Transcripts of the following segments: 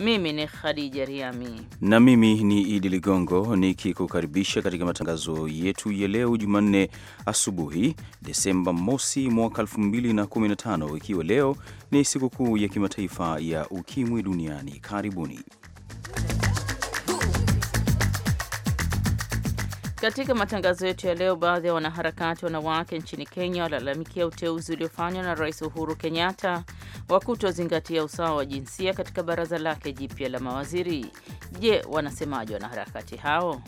Mimi ni Khadija Riami na mimi ni Idi Ligongo nikikukaribisha katika matangazo yetu ya leo Jumanne asubuhi Desemba mosi mwaka 2015 ikiwa leo ni sikukuu ya kimataifa ya ukimwi duniani. Karibuni. Katika matangazo yetu ya leo, baadhi ya wanaharakati wanawake nchini Kenya walalamikia uteuzi uliofanywa na Rais Uhuru Kenyatta wa kutozingatia usawa wa jinsia katika baraza lake jipya la mawaziri. Je, wanasemaje wanaharakati hao?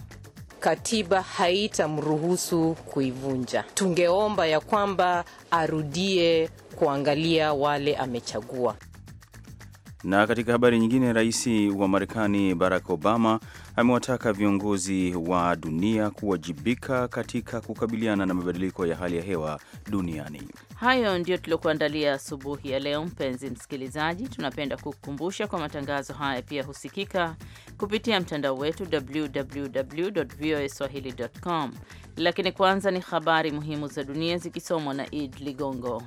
Katiba haitamruhusu kuivunja. Tungeomba ya kwamba arudie kuangalia wale amechagua. Na katika habari nyingine, rais wa Marekani Barack Obama amewataka viongozi wa dunia kuwajibika katika kukabiliana na mabadiliko ya hali ya hewa duniani. Hayo ndiyo tuliokuandalia asubuhi ya leo. Mpenzi msikilizaji, tunapenda kukukumbusha kwa matangazo haya pia husikika kupitia mtandao wetu www voa swahili com, lakini kwanza ni habari muhimu za dunia zikisomwa na Id Ligongo.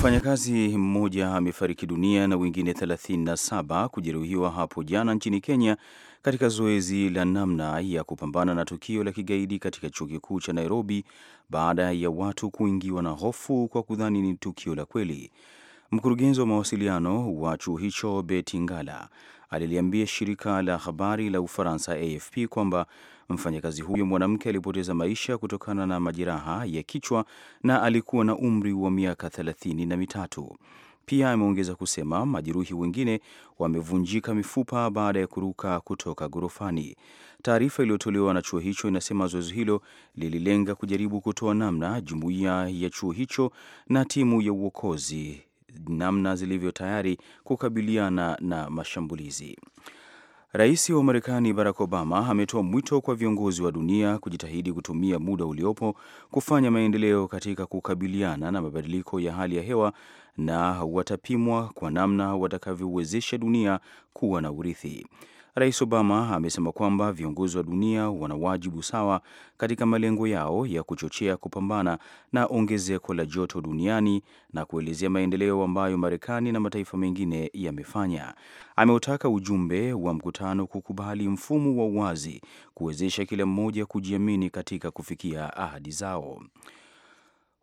Mfanyakazi mmoja amefariki dunia na wengine 37 kujeruhiwa hapo jana nchini Kenya katika zoezi la namna ya kupambana na tukio la kigaidi katika chuo kikuu cha Nairobi baada ya watu kuingiwa na hofu kwa kudhani ni tukio la kweli. Mkurugenzi wa mawasiliano wa chuo hicho betingala Ngala aliliambia shirika la habari la Ufaransa AFP kwamba Mfanyakazi huyo mwanamke alipoteza maisha kutokana na majeraha ya kichwa na alikuwa na umri wa miaka thelathini na mitatu. Pia ameongeza kusema majeruhi wengine wamevunjika mifupa baada ya kuruka kutoka ghorofani. Taarifa iliyotolewa na chuo hicho inasema zoezi hilo lililenga kujaribu kutoa namna jumuiya ya chuo hicho na timu ya uokozi namna zilivyo tayari kukabiliana na mashambulizi. Rais wa Marekani Barack Obama ametoa mwito kwa viongozi wa dunia kujitahidi kutumia muda uliopo kufanya maendeleo katika kukabiliana na mabadiliko ya hali ya hewa na watapimwa kwa namna watakavyowezesha dunia kuwa na urithi. Rais Obama amesema kwamba viongozi wa dunia wana wajibu sawa katika malengo yao ya kuchochea kupambana na ongezeko la joto duniani na kuelezea maendeleo ambayo Marekani na mataifa mengine yamefanya. Ameutaka ujumbe wa mkutano kukubali mfumo wa uwazi kuwezesha kila mmoja kujiamini katika kufikia ahadi zao.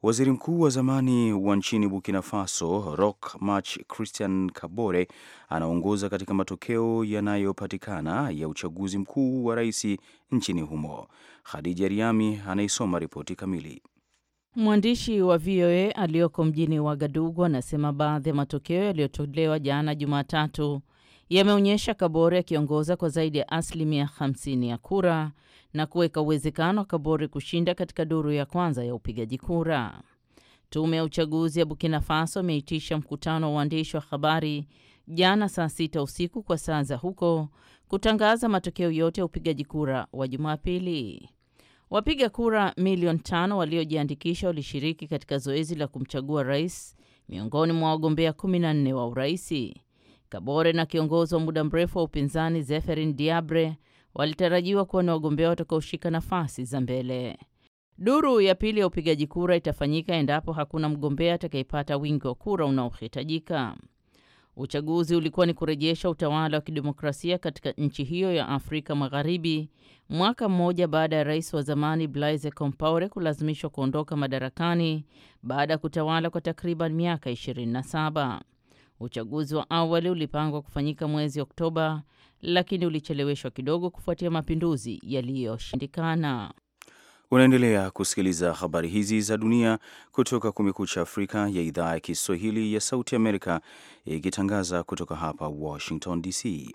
Waziri mkuu wa zamani wa nchini Burkina Faso Roch Marc Christian Kabore anaongoza katika matokeo yanayopatikana ya uchaguzi mkuu wa rais nchini humo. Khadija Riami anaisoma ripoti kamili. Mwandishi wa VOA aliyoko mjini Wagadugu anasema baadhi ya matokeo yaliyotolewa jana Jumatatu yameonyesha Kabore akiongoza kwa zaidi ya asilimia 50 ya kura na kuweka uwezekano wa Kabore kushinda katika duru ya kwanza ya upigaji kura. Tume ya uchaguzi ya Burkina Faso imeitisha mkutano wa waandishi wa habari jana saa sita usiku kwa saa za huko kutangaza matokeo yote ya upigaji kura wa Jumapili. Wapiga kura milioni tano waliojiandikisha walishiriki katika zoezi la kumchagua rais miongoni mwa wagombea 14 wa uraisi. Kabore na kiongozi wa muda mrefu wa upinzani zeferin Diabre walitarajiwa kuwa ni wagombea watakaoshika nafasi za mbele. Duru ya pili ya upigaji kura itafanyika endapo hakuna mgombea atakayepata wingi wa kura unaohitajika. Uchaguzi ulikuwa ni kurejesha utawala wa kidemokrasia katika nchi hiyo ya Afrika Magharibi mwaka mmoja baada ya rais wa zamani Blaise Compaore kulazimishwa kuondoka madarakani baada ya kutawala kwa takriban miaka 27. Uchaguzi wa awali ulipangwa kufanyika mwezi Oktoba lakini ulicheleweshwa kidogo kufuatia mapinduzi yaliyoshindikana. Unaendelea kusikiliza habari hizi za dunia kutoka Kumekucha Afrika ya idhaa ya Kiswahili ya Sauti Amerika ikitangaza kutoka hapa Washington DC.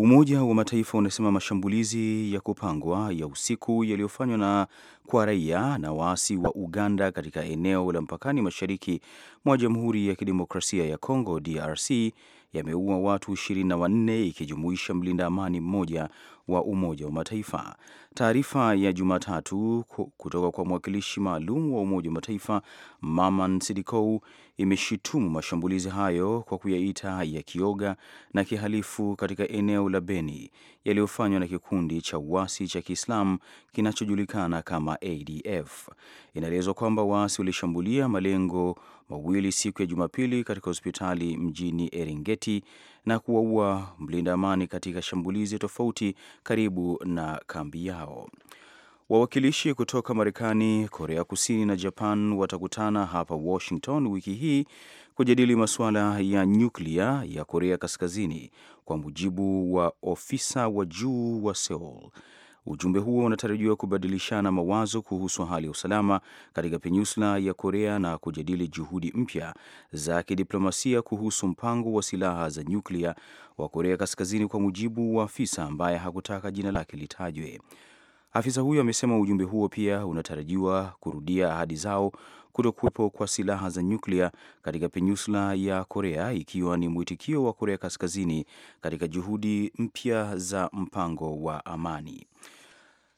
Umoja wa Mataifa unasema mashambulizi ya kupangwa ya usiku yaliyofanywa na kwa raia na waasi wa Uganda katika eneo la mpakani mashariki mwa Jamhuri ya Kidemokrasia ya Kongo DRC yameua watu 24 ikijumuisha mlinda amani mmoja wa Umoja wa Mataifa. Taarifa ya Jumatatu kutoka kwa mwakilishi maalum wa Umoja wa Mataifa Maman Sidikou imeshitumu mashambulizi hayo kwa kuyaita ya kioga na kihalifu katika eneo la Beni yaliyofanywa na kikundi cha uasi cha Kiislamu kinachojulikana kama ADF. Inaelezwa kwamba waasi walishambulia malengo mawili siku ya Jumapili katika hospitali mjini Eringeti na kuwaua mlinda amani katika shambulizi tofauti karibu na kambi yao. Wawakilishi kutoka Marekani, Korea Kusini na Japan watakutana hapa Washington wiki hii kujadili masuala ya nyuklia ya Korea Kaskazini, kwa mujibu wa ofisa wa juu wa Seoul. Ujumbe huo unatarajiwa kubadilishana mawazo kuhusu hali ya usalama katika peninsula ya Korea na kujadili juhudi mpya za kidiplomasia kuhusu mpango wa silaha za nyuklia wa Korea Kaskazini, kwa mujibu wa afisa ambaye hakutaka jina lake litajwe. Afisa huyo amesema ujumbe huo pia unatarajiwa kurudia ahadi zao kutokuwepo kwa silaha za nyuklia katika peninsula ya Korea ikiwa ni mwitikio wa Korea Kaskazini katika juhudi mpya za mpango wa amani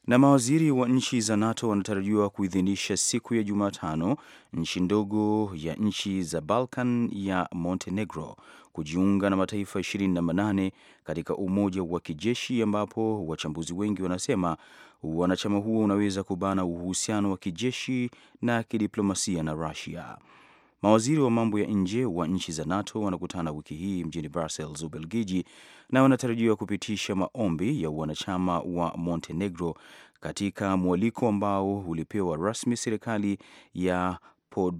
na mawaziri wa nchi za NATO wanatarajiwa kuidhinisha siku ya Jumatano nchi ndogo ya nchi za Balkan ya Montenegro kujiunga na mataifa 28 katika umoja wa kijeshi, ambapo wachambuzi wengi wanasema wanachama huo unaweza kubana uhusiano wa kijeshi na kidiplomasia na Rusia. Mawaziri wa mambo ya nje wa nchi za NATO wanakutana wiki hii mjini Brussels, Ubelgiji, na wanatarajiwa kupitisha maombi ya wanachama wa Montenegro katika mwaliko ambao ulipewa rasmi serikali ya Pod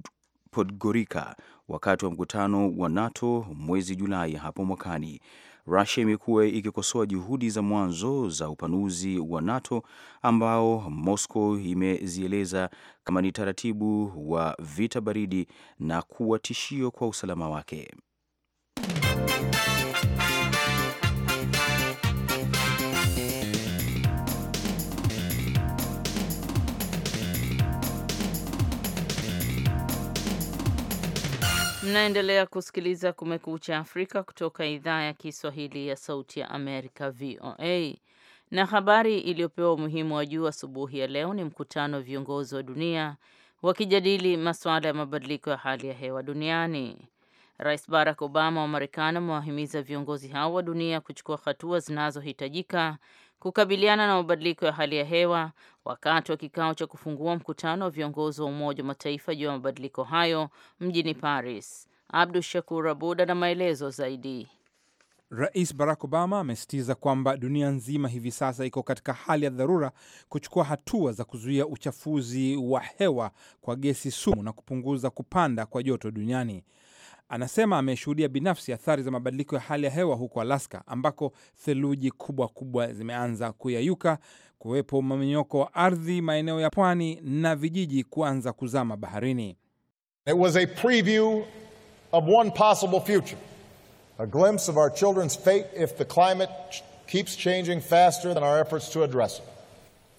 Podgorica wakati wa mkutano wa NATO mwezi Julai hapo mwakani rusia imekuwa ikikosoa juhudi za mwanzo za upanuzi wa NATO ambao Moscow imezieleza kama ni taratibu wa vita baridi na kuwa tishio kwa usalama wake. Mnaendelea kusikiliza Kumekucha Afrika kutoka idhaa ya Kiswahili ya Sauti ya Amerika, VOA. Na habari iliyopewa umuhimu wa juu asubuhi ya leo ni mkutano wa viongozi wa dunia wakijadili masuala ya mabadiliko ya hali ya hewa duniani. Rais Barack Obama wa Marekani amewahimiza viongozi hao wa dunia kuchukua hatua zinazohitajika kukabiliana na mabadiliko ya hali ya hewa wakati wa kikao cha kufungua mkutano wa viongozi wa Umoja wa Mataifa juu ya mabadiliko hayo mjini Paris. Abdu Shakur Abud ana maelezo zaidi. Rais Barack Obama amesisitiza kwamba dunia nzima hivi sasa iko katika hali ya dharura kuchukua hatua za kuzuia uchafuzi wa hewa kwa gesi sumu na kupunguza kupanda kwa joto duniani. Anasema ameshuhudia binafsi athari za mabadiliko ya hali ya hewa huko Alaska, ambako theluji kubwa kubwa zimeanza kuyayuka, kuwepo mmomonyoko wa ardhi maeneo ya pwani na vijiji kuanza kuzama baharini. It was a preview of one possible future, a glimpse of our children's fate if the climate keeps changing faster than our efforts to address it.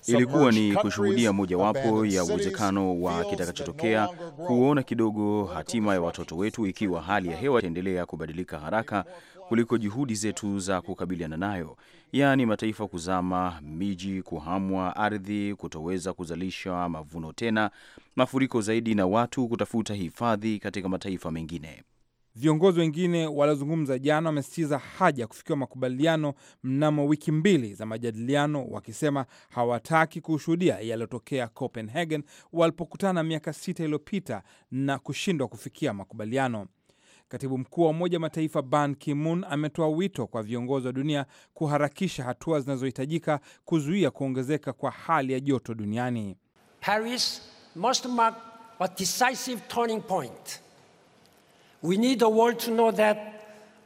Ilikuwa ni kushuhudia mojawapo ya uwezekano wa kitakachotokea, kuona kidogo hatima ya watoto wetu, ikiwa hali ya hewa itaendelea kubadilika haraka kuliko juhudi zetu za kukabiliana nayo, yaani mataifa kuzama, miji kuhamwa, ardhi kutoweza kuzalisha mavuno tena, mafuriko zaidi, na watu kutafuta hifadhi katika mataifa mengine. Viongozi wengine waliozungumza jana wamesitiza haja ya kufikiwa makubaliano mnamo wiki mbili za majadiliano, wakisema hawataki kushuhudia yaliyotokea Copenhagen walipokutana miaka sita iliyopita na kushindwa kufikia makubaliano. Katibu mkuu wa Umoja wa Mataifa Ban Ki-moon ametoa wito kwa viongozi wa dunia kuharakisha hatua zinazohitajika kuzuia kuongezeka kwa hali ya joto duniani. Paris must mark a decisive turning point. We need the world to know that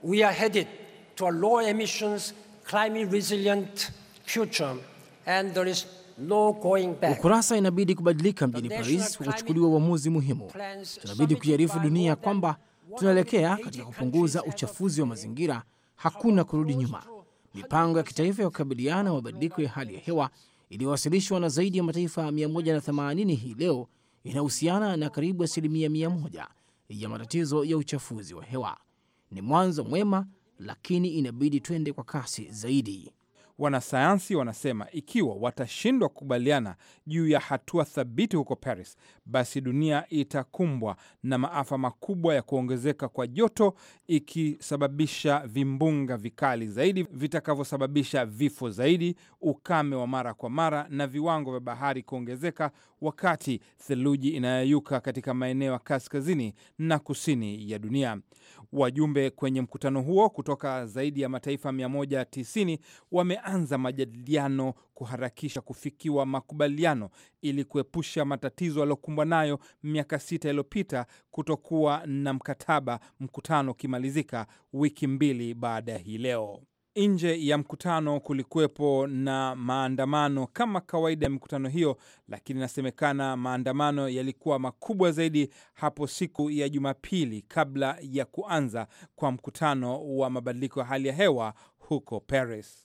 we are headed to a low emissions, climate resilient future and there is no going back. Ukurasa inabidi kubadilika mjini Paris kwa kuchukuliwa uamuzi muhimu. Tunabidi kuiarifu dunia kwamba tunaelekea katika kupunguza uchafuzi wa mazingira. Hakuna kurudi nyuma. Mipango ya kitaifa ya kukabiliana na mabadiliko ya hali ya hewa iliyowasilishwa na zaidi ya mataifa 180 hii leo inahusiana na karibu asilimia 100 ya matatizo ya uchafuzi wa hewa. Ni mwanzo mwema, lakini inabidi twende kwa kasi zaidi. Wanasayansi wanasema ikiwa watashindwa kukubaliana juu ya hatua thabiti huko Paris, basi dunia itakumbwa na maafa makubwa ya kuongezeka kwa joto, ikisababisha vimbunga vikali zaidi vitakavyosababisha vifo zaidi, ukame wa mara kwa mara, na viwango vya bahari kuongezeka, wakati theluji inayoyuka katika maeneo ya kaskazini na kusini ya dunia. Wajumbe kwenye mkutano huo kutoka zaidi ya mataifa 190 wame itaanza majadiliano kuharakisha kufikiwa makubaliano ili kuepusha matatizo yaliyokumbwa nayo miaka sita iliyopita kutokuwa na mkataba, mkutano ukimalizika wiki mbili baada ya hii leo. Nje ya mkutano kulikuwepo na maandamano kama kawaida ya mikutano hiyo, lakini inasemekana maandamano yalikuwa makubwa zaidi hapo siku ya Jumapili kabla ya kuanza kwa mkutano wa mabadiliko ya hali ya hewa huko Paris.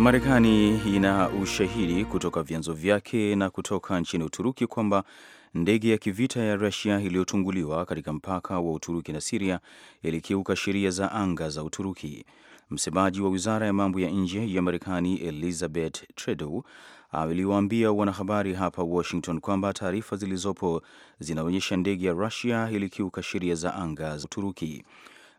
Marekani ina ushahidi kutoka vyanzo vyake na kutoka nchini Uturuki kwamba ndege ya kivita ya Rusia iliyotunguliwa katika mpaka wa Uturuki na Siria ilikiuka sheria za anga za Uturuki. Msemaji wa wizara ya mambo ya nje ya Marekani Elizabeth Trudeau aliwaambia wanahabari hapa Washington kwamba taarifa zilizopo zinaonyesha ndege ya Rusia ilikiuka sheria za anga za Uturuki.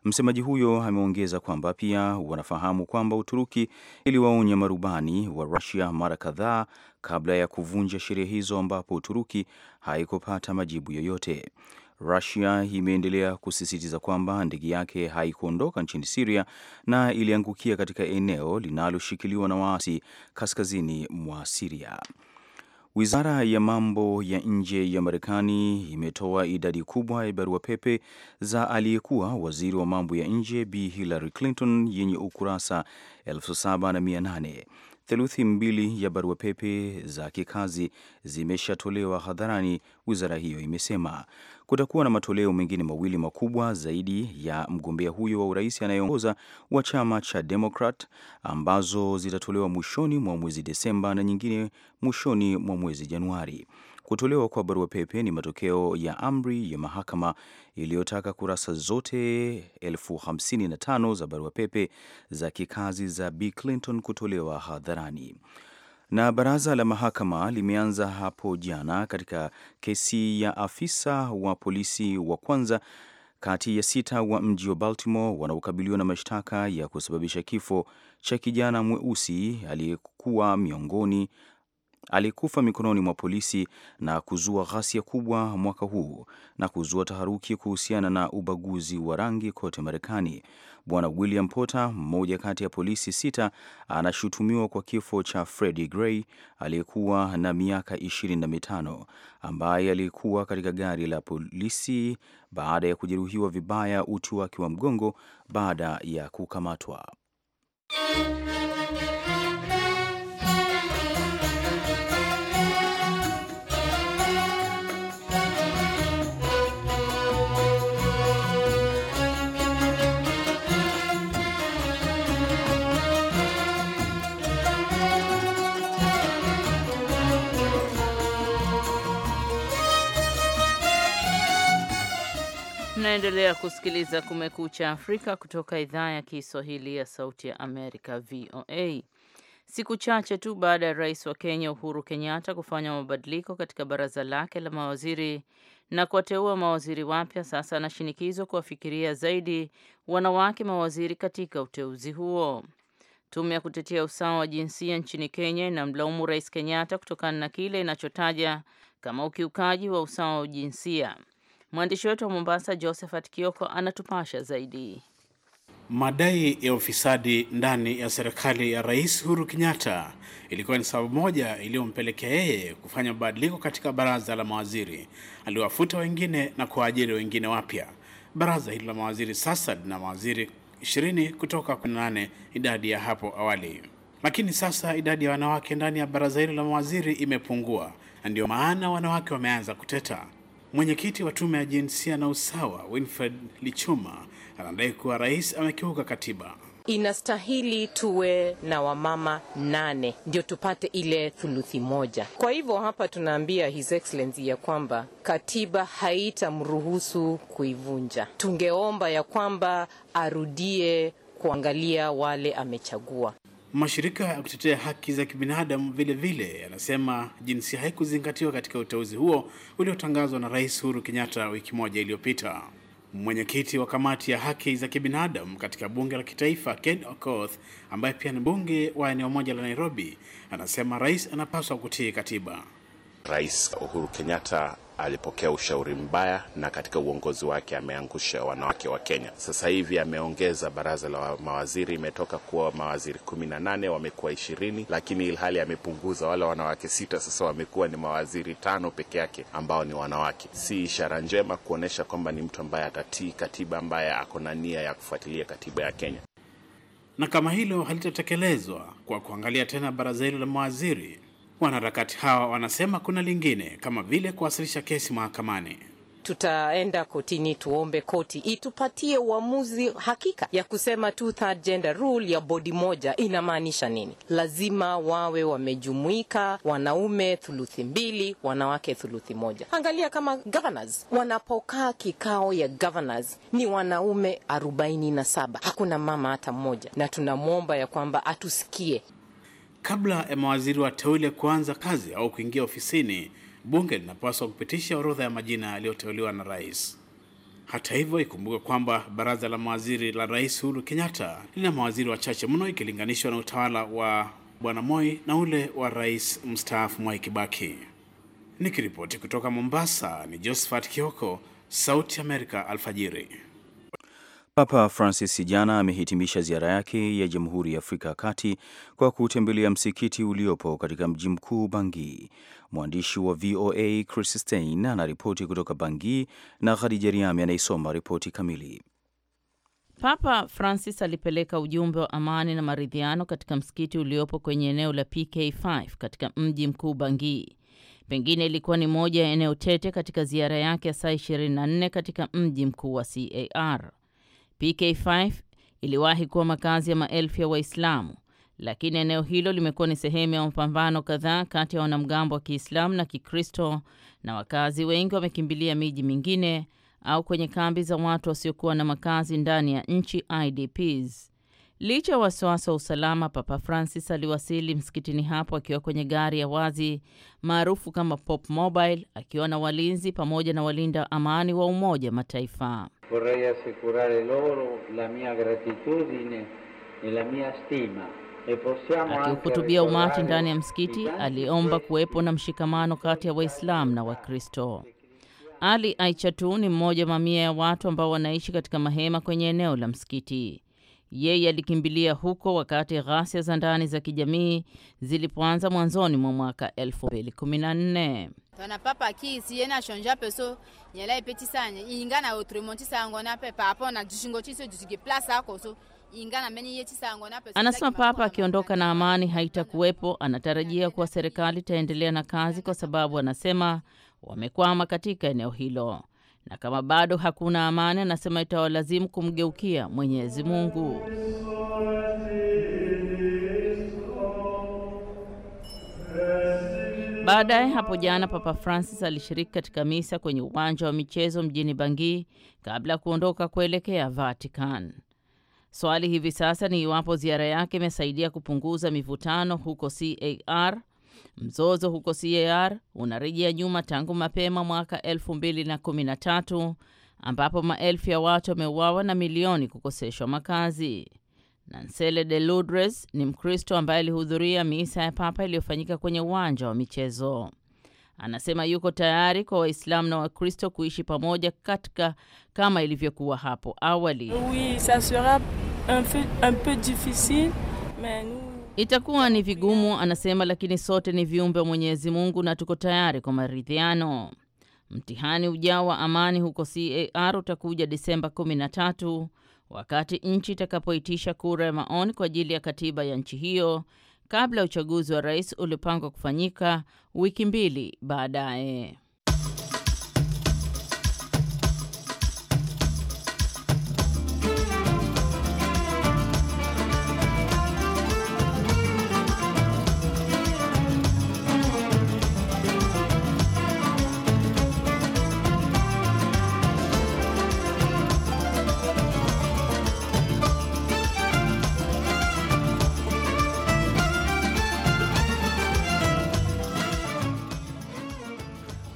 Msemaji huyo ameongeza kwamba pia wanafahamu kwamba Uturuki iliwaonya marubani wa Rusia mara kadhaa kabla ya kuvunja sheria hizo, ambapo Uturuki haikupata majibu yoyote. Rusia imeendelea kusisitiza kwamba ndege yake haikuondoka nchini Siria na iliangukia katika eneo linaloshikiliwa na waasi kaskazini mwa Siria. Wizara ya mambo ya nje ya Marekani imetoa idadi kubwa ya barua pepe za aliyekuwa waziri wa mambo ya nje Bi Hillary Clinton yenye ukurasa 7800 Theluthi mbili ya barua pepe za kikazi zimeshatolewa hadharani, wizara hiyo imesema. Kutakuwa na matoleo mengine mawili makubwa zaidi ya mgombea huyo wa urais anayeongoza wa chama cha Demokrat ambazo zitatolewa mwishoni mwa mwezi Desemba na nyingine mwishoni mwa mwezi Januari. Kutolewa kwa barua pepe ni matokeo ya amri ya mahakama iliyotaka kurasa zote elfu hamsini na tano za barua pepe za kikazi za B Clinton kutolewa hadharani na baraza la mahakama limeanza hapo jana katika kesi ya afisa wa polisi wa kwanza kati ya sita wa mji wa Baltimore wanaokabiliwa na mashtaka ya kusababisha kifo cha kijana mweusi aliyekuwa miongoni alikufa mikononi mwa polisi na kuzua ghasia kubwa mwaka huu na kuzua taharuki kuhusiana na ubaguzi wa rangi kote Marekani. Bwana William Porter, mmoja kati ya polisi sita, anashutumiwa kwa kifo cha Freddie Gray aliyekuwa na miaka ishirini na mitano ambaye alikuwa katika gari la polisi baada ya kujeruhiwa vibaya uti wake wa mgongo baada ya kukamatwa. Unaendelea kusikiliza Kumekucha Afrika kutoka idhaa ya Kiswahili ya Sauti ya Amerika, VOA. Siku chache tu baada ya rais wa Kenya Uhuru Kenyatta kufanya mabadiliko katika baraza lake la mawaziri na kuwateua mawaziri wapya, sasa anashinikizwa kuwafikiria zaidi wanawake mawaziri katika uteuzi huo. Tume ya kutetea usawa wa jinsia nchini Kenya inamlaumu rais Kenyatta kutokana na kile inachotaja kama ukiukaji wa usawa wa jinsia. Mwandishi wetu wa Mombasa, Josephat Kioko, anatupasha zaidi. Madai ya ufisadi ndani ya serikali ya Rais Uhuru Kenyatta ilikuwa ni sababu moja iliyompelekea yeye kufanya mabadiliko katika baraza la mawaziri. Aliwafuta wengine na kuwaajiri wengine wapya. Baraza hilo la mawaziri sasa lina mawaziri 20 kutoka 18, idadi ya hapo awali. Lakini sasa idadi ya wanawake ndani ya baraza hilo la mawaziri imepungua, na ndio maana wanawake wameanza kuteta. Mwenyekiti wa Tume ya Jinsia na Usawa Winfred Lichuma anadai kuwa rais amekiuka katiba. Inastahili tuwe na wamama nane ndio tupate ile thuluthi moja. Kwa hivyo hapa tunaambia His Excellency ya kwamba katiba haitamruhusu kuivunja. Tungeomba ya kwamba arudie kuangalia wale amechagua. Mashirika ya kutetea haki za kibinadamu vile vile yanasema jinsia haikuzingatiwa katika uteuzi huo uliotangazwa na Rais Uhuru Kenyatta wiki moja iliyopita. Mwenyekiti wa kamati ya haki za kibinadamu katika bunge la kitaifa Ken Okoth, ambaye pia ni bunge wa eneo moja la Nairobi, anasema rais anapaswa kutii katiba. Rais Uhuru Kenyatta alipokea ushauri mbaya, na katika uongozi wake ameangusha wanawake wa Kenya. Sasa hivi ameongeza baraza la mawaziri, imetoka kuwa mawaziri kumi na nane wamekuwa ishirini, lakini ilhali amepunguza wale wanawake sita, sasa wamekuwa ni mawaziri tano peke yake ambao ni wanawake. Si ishara njema kuonyesha kwamba ni mtu ambaye atatii katiba, ambaye ako na nia ya kufuatilia katiba ya Kenya. Na kama hilo halitatekelezwa kwa kuangalia tena baraza hilo la mawaziri Wanaharakati hawa wanasema kuna lingine kama vile kuwasilisha kesi mahakamani. Tutaenda kotini tuombe koti itupatie uamuzi hakika ya kusema two third gender rule ya bodi moja inamaanisha nini. Lazima wawe wamejumuika, wanaume thuluthi mbili, wanawake thuluthi moja. Angalia kama governors wanapokaa kikao ya governors ni wanaume arobaini na saba, hakuna mama hata mmoja, na tunamwomba ya kwamba atusikie. Kabla ya mawaziri wateule kuanza kazi au kuingia ofisini, bunge linapaswa kupitisha orodha ya majina yaliyoteuliwa na rais. Hata hivyo, ikumbuke kwamba baraza la mawaziri la Rais Uhuru Kenyatta lina mawaziri wachache mno ikilinganishwa na utawala wa Bwana Moi na ule wa rais mstaafu Mwai Kibaki. Nikiripoti kutoka Mombasa ni Josephat Kioko, Sauti Amerika, alfajiri. Papa Francis jana amehitimisha ziara yake ya Jamhuri ya Afrika ya Kati kwa kutembelea msikiti uliopo katika mji mkuu Bangui. Mwandishi wa VOA Chris Stein anaripoti kutoka Bangui na Khadija Riami anaisoma ripoti kamili. Papa Francis alipeleka ujumbe wa amani na maridhiano katika msikiti uliopo kwenye eneo la PK5 katika mji mkuu Bangui. Pengine ilikuwa ni moja ya eneo tete katika ziara yake ya saa 24 katika mji mkuu wa CAR. PK5 iliwahi kuwa makazi ya maelfu ya Waislamu, lakini eneo hilo limekuwa ni sehemu ya mapambano kadhaa kati ya wanamgambo wa Kiislamu na Kikristo, na wakazi wengi wamekimbilia miji mingine au kwenye kambi za watu wasiokuwa na makazi ndani ya nchi IDPs. Licha ya wasiwasi wa usalama, Papa Francis aliwasili msikitini hapo akiwa kwenye gari ya wazi maarufu kama Pop Mobile, akiwa na walinzi pamoja na walinda amani wa Umoja Mataifa vorrei assicurare loro la mia gratitudine e la mia stima. Akiuhutubia umati ndani ya msikiti aliomba kuwepo na mshikamano kati ya Waislamu na Wakristo. Ali Aichatu ni mmoja mamia ya watu ambao wanaishi katika mahema kwenye eneo la msikiti. Yeye alikimbilia huko wakati ghasia za ndani za kijamii zilipoanza mwanzoni mwa mwaka 2014 tona papa kisi yene ashonja peso nyela e petit sanye inga na autrement ti sango na pe par rapport na jishingo ti so jisige place ako so inga na meni ye ti sango na peso anasema papa akiondoka na amani haitakuwepo anatarajia kuwa serikali itaendelea na kazi kwa sababu anasema wamekwama katika eneo hilo na kama bado hakuna amani anasema itawalazimu kumgeukia Mwenyezi Mungu Baadaye hapo jana Papa Francis alishiriki katika misa kwenye uwanja wa michezo mjini bangi kabla ya kuondoka kuelekea Vatican. Swali hivi sasa ni iwapo ziara yake imesaidia kupunguza mivutano huko CAR. Mzozo huko CAR unarejea nyuma tangu mapema mwaka 2013 ambapo maelfu ya watu wameuawa na milioni kukoseshwa makazi. Nansele de Lourdes ni Mkristo ambaye alihudhuria misa ya Papa iliyofanyika kwenye uwanja wa michezo. Anasema yuko tayari kwa Waislamu na Wakristo kuishi pamoja katika kama ilivyokuwa hapo awali. Itakuwa ni vigumu, anasema, lakini sote ni viumbe wa Mwenyezi Mungu na tuko tayari kwa maridhiano. Mtihani ujao wa amani huko CAR utakuja Disemba 13 wakati nchi itakapoitisha kura ya maoni kwa ajili ya katiba ya nchi hiyo kabla ya uchaguzi wa rais uliopangwa kufanyika wiki mbili baadaye.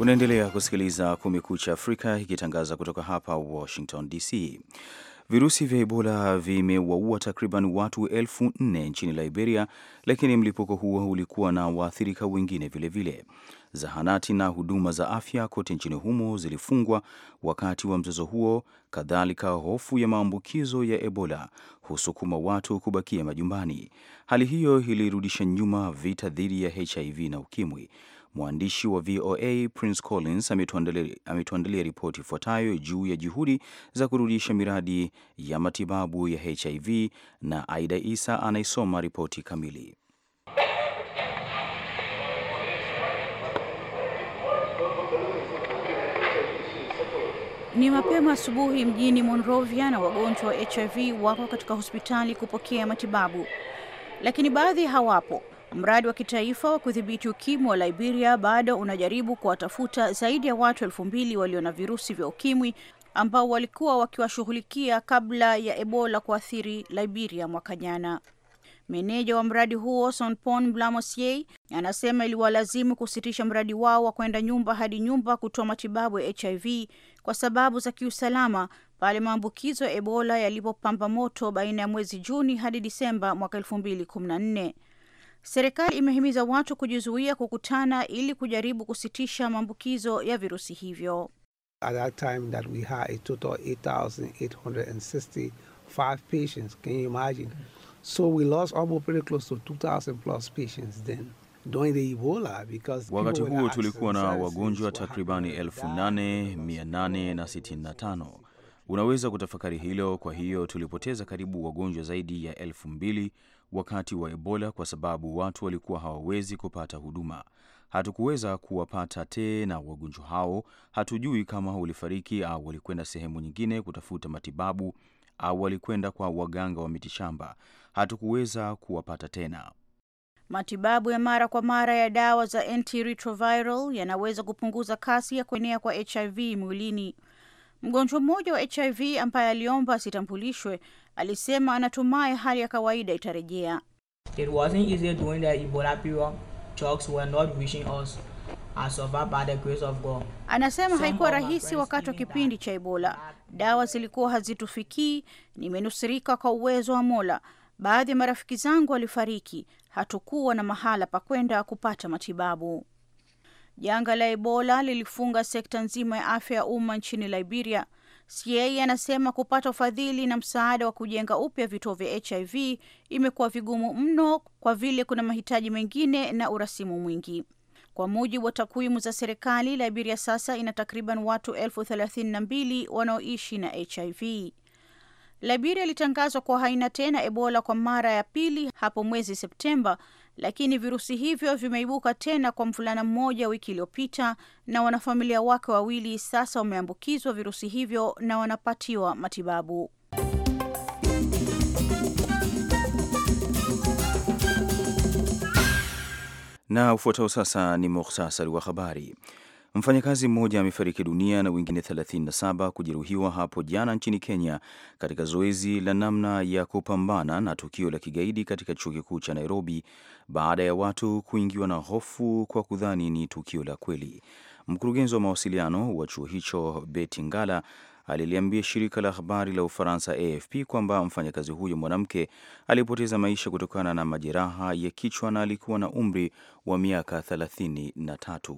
Unaendelea kusikiliza Kumekucha Afrika ikitangaza kutoka hapa Washington DC. Virusi vya Ebola vimewaua takriban watu elfu nne nchini Liberia, lakini mlipuko huo ulikuwa na waathirika wengine vilevile. Zahanati na huduma za afya kote nchini humo zilifungwa wakati wa mzozo huo. Kadhalika, hofu ya maambukizo ya Ebola husukuma watu kubakia majumbani. Hali hiyo ilirudisha nyuma vita dhidi ya HIV na UKIMWI Mwandishi wa VOA Prince Collins ametuandalia ripoti ifuatayo juu ya juhudi za kurudisha miradi ya matibabu ya HIV na Aida Isa anaisoma ripoti kamili. Ni mapema asubuhi mjini Monrovia na wagonjwa wa HIV wako katika hospitali kupokea matibabu, lakini baadhi hawapo. Mradi wa kitaifa wa kudhibiti ukimwi wa Liberia bado unajaribu kuwatafuta zaidi ya watu elfu mbili walio na virusi vya ukimwi ambao walikuwa wakiwashughulikia kabla ya Ebola kuathiri Liberia mwaka jana. Meneja wa mradi huo Sonpon Blamosie anasema iliwalazimu kusitisha mradi wao wa kwenda nyumba hadi nyumba kutoa matibabu ya HIV kwa sababu za kiusalama pale maambukizo ya Ebola yalipopamba moto baina ya mwezi Juni hadi Disemba mwaka elfu mbili kumi na nne. Serikali imehimiza watu kujizuia kukutana ili kujaribu kusitisha maambukizo ya virusi hivyo. At that time that we had a total 8,865 patients. Can you imagine? So we lost almost pretty close to 2,000 plus patients then. Wakati huo tulikuwa na wagonjwa takribani 8865. Unaweza kutafakari hilo. Kwa hiyo tulipoteza karibu wagonjwa zaidi ya elfu mbili wakati wa Ebola kwa sababu watu walikuwa hawawezi kupata huduma. Hatukuweza kuwapata tena wagonjwa hao. Hatujui kama walifariki au walikwenda sehemu nyingine kutafuta matibabu au walikwenda kwa waganga wa mitishamba. Hatukuweza kuwapata tena. Matibabu ya mara kwa mara ya dawa za antiretroviral yanaweza kupunguza kasi ya kuenea kwa HIV mwilini. Mgonjwa mmoja wa HIV ambaye aliomba asitambulishwe alisema anatumai hali ya kawaida itarejea. Anasema haikuwa rahisi wakati wa kipindi cha Ebola, dawa zilikuwa hazitufikii. Nimenusurika kwa uwezo wa Mola. Baadhi ya marafiki zangu walifariki, hatukuwa na mahala pa kwenda kupata matibabu. Janga la Ebola lilifunga sekta nzima ya afya ya umma nchini Liberia. CA anasema kupata ufadhili na msaada wa kujenga upya vituo vya HIV imekuwa vigumu mno kwa vile kuna mahitaji mengine na urasimu mwingi. Kwa mujibu wa takwimu za serikali, Liberia sasa ina takriban watu elfu thelathini na mbili wanaoishi na HIV. Liberia ilitangazwa kuwa haina tena Ebola kwa mara ya pili hapo mwezi Septemba lakini virusi hivyo vimeibuka tena kwa mvulana mmoja wiki iliyopita, na wanafamilia wake wawili sasa wameambukizwa virusi hivyo na wanapatiwa matibabu. Na ufuatao sasa ni muhtasari wa habari. Mfanyakazi mmoja amefariki dunia na wengine 37 kujeruhiwa hapo jana nchini Kenya katika zoezi la namna ya kupambana na tukio la kigaidi katika chuo kikuu cha Nairobi baada ya watu kuingiwa na hofu kwa kudhani ni tukio la kweli. Mkurugenzi wa mawasiliano wa chuo hicho betingala Ngala aliliambia shirika la habari la Ufaransa AFP kwamba mfanyakazi huyo mwanamke alipoteza maisha kutokana na majeraha ya kichwa na alikuwa na umri wa miaka 33.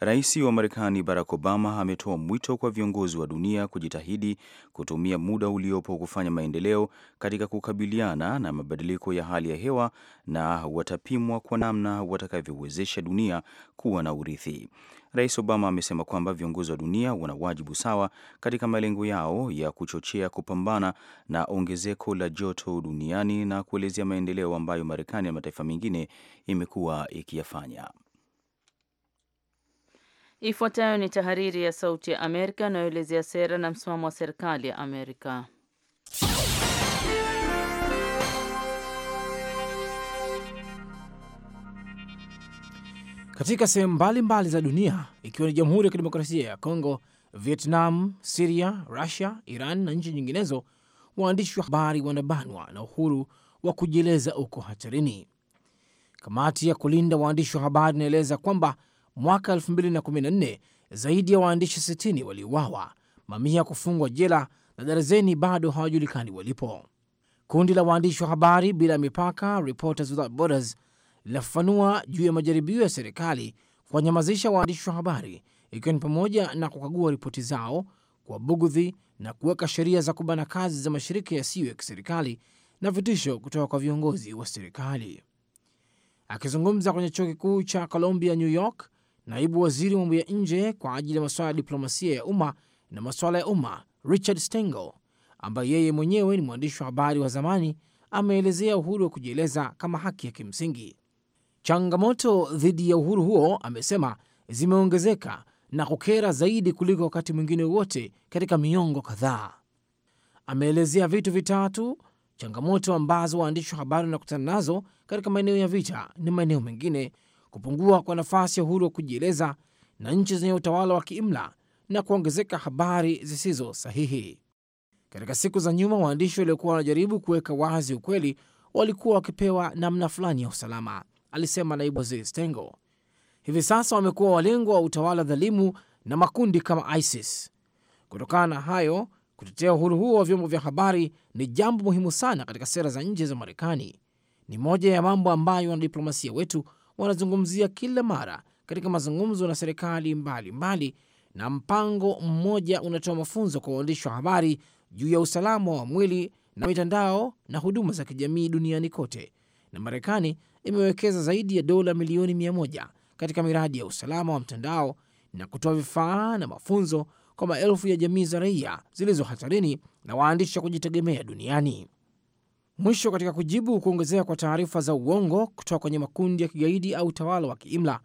Rais wa Marekani Barack Obama ametoa mwito kwa viongozi wa dunia kujitahidi kutumia muda uliopo kufanya maendeleo katika kukabiliana na mabadiliko ya hali ya hewa na watapimwa kwa namna watakavyowezesha dunia kuwa na urithi. Rais Obama amesema kwamba viongozi wa dunia wana wajibu sawa katika malengo yao ya kuchochea kupambana na ongezeko la joto duniani na kuelezea maendeleo ambayo Marekani na mataifa mengine imekuwa ikiyafanya. Ifuatayo ni tahariri ya Sauti ya Amerika inayoelezea sera na msimamo wa serikali ya Amerika. Katika sehemu mbalimbali za dunia ikiwa ni Jamhuri ya Kidemokrasia ya Kongo, Vietnam, Siria, Rusia, Iran na nchi nyinginezo, waandishi wa habari wanabanwa na uhuru wa kujieleza uko hatarini. Kamati ya kulinda waandishi wa habari inaeleza kwamba mwaka 2014 zaidi ya waandishi 60 waliuawa, mamia kufungwa jela na darazeni bado hawajulikani walipo. Kundi la waandishi wa habari bila mipaka, Reporters Without Borders, linafafanua juu ya majaribio ya serikali kuwanyamazisha waandishi wa habari, ikiwa ni pamoja na kukagua ripoti zao kwa bugudhi na kuweka sheria za kubana kazi za mashirika yasiyo ya kiserikali na vitisho kutoka kwa viongozi wa serikali. Akizungumza kwenye chuo kikuu cha Columbia, New York, Naibu waziri wa mambo ya nje kwa ajili ya masuala ya diplomasia ya umma na masuala ya umma Richard Stengel, ambaye yeye mwenyewe ni mwandishi wa habari wa zamani, ameelezea uhuru wa kujieleza kama haki ya kimsingi. Changamoto dhidi ya uhuru huo, amesema, zimeongezeka na kukera zaidi kuliko wakati mwingine wote katika miongo kadhaa. Ameelezea vitu vitatu changamoto ambazo waandishi wa habari wanakutana nazo katika maeneo ya vita na maeneo mengine kupungua kwa nafasi ya uhuru wa kujieleza na nchi zenye utawala wa kiimla na kuongezeka habari zisizo sahihi. Katika siku za nyuma, waandishi waliokuwa wanajaribu kuweka wazi ukweli walikuwa wakipewa namna fulani ya usalama, alisema naibu waziri Stengo. Hivi sasa wamekuwa walengwa wa utawala dhalimu na makundi kama ISIS. Kutokana na hayo, kutetea uhuru huo wa vyombo vya habari ni jambo muhimu sana katika sera za nje za Marekani. Ni moja ya mambo ambayo wanadiplomasia wetu wanazungumzia kila mara katika mazungumzo na serikali mbalimbali mbali, na mpango mmoja unatoa mafunzo kwa waandishi wa habari juu ya usalama wa mwili na mitandao na huduma za kijamii duniani kote. Na Marekani imewekeza zaidi ya dola milioni mia moja katika miradi ya usalama wa mtandao na kutoa vifaa na mafunzo kwa maelfu ya jamii za raia zilizo hatarini na waandishi wa kujitegemea duniani. Mwisho, katika kujibu kuongezeka kwa taarifa za uongo kutoka kwenye makundi ya kigaidi au utawala wa kiimla,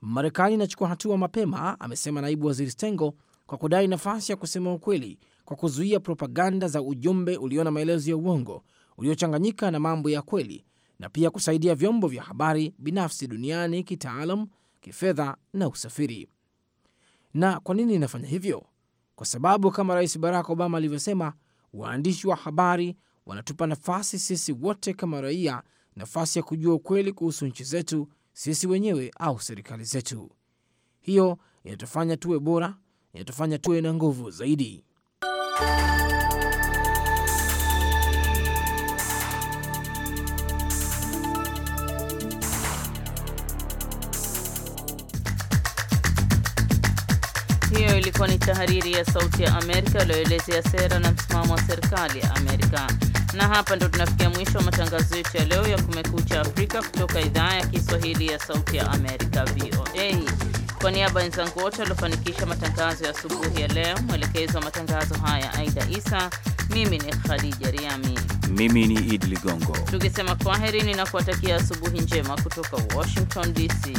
Marekani inachukua hatua mapema, amesema naibu waziri Stengo, kwa kudai nafasi ya kusema ukweli kwa kuzuia propaganda za ujumbe ulio na maelezo ya uongo uliochanganyika na mambo ya kweli, na pia kusaidia vyombo vya habari binafsi duniani kitaalam, kifedha na usafiri. Na kwa nini inafanya hivyo? Kwa sababu kama Rais Barack Obama alivyosema, waandishi wa habari wanatupa nafasi sisi wote kama raia, nafasi ya kujua ukweli kuhusu nchi zetu sisi wenyewe au serikali zetu. Hiyo inatufanya tuwe bora, inatufanya tuwe na nguvu zaidi. ilikuwa ni tahariri ya Sauti ya Amerika iliyoelezea sera na msimamo wa serikali ya Amerika. Na hapa ndo tunafikia mwisho wa matangazo yetu ya leo ya Kumekucha Afrika kutoka idhaa ya Kiswahili ya Sauti ya Amerika, VOA. Kwa niaba ya wenzangu wote waliofanikisha matangazo ya asubuhi ya leo, mwelekezo wa matangazo haya Aida Isa, mimi ni Khadija Riami, mimi ni Idi Ligongo, tukisema kwaheri ninakuwatakia asubuhi njema kutoka Washington DC.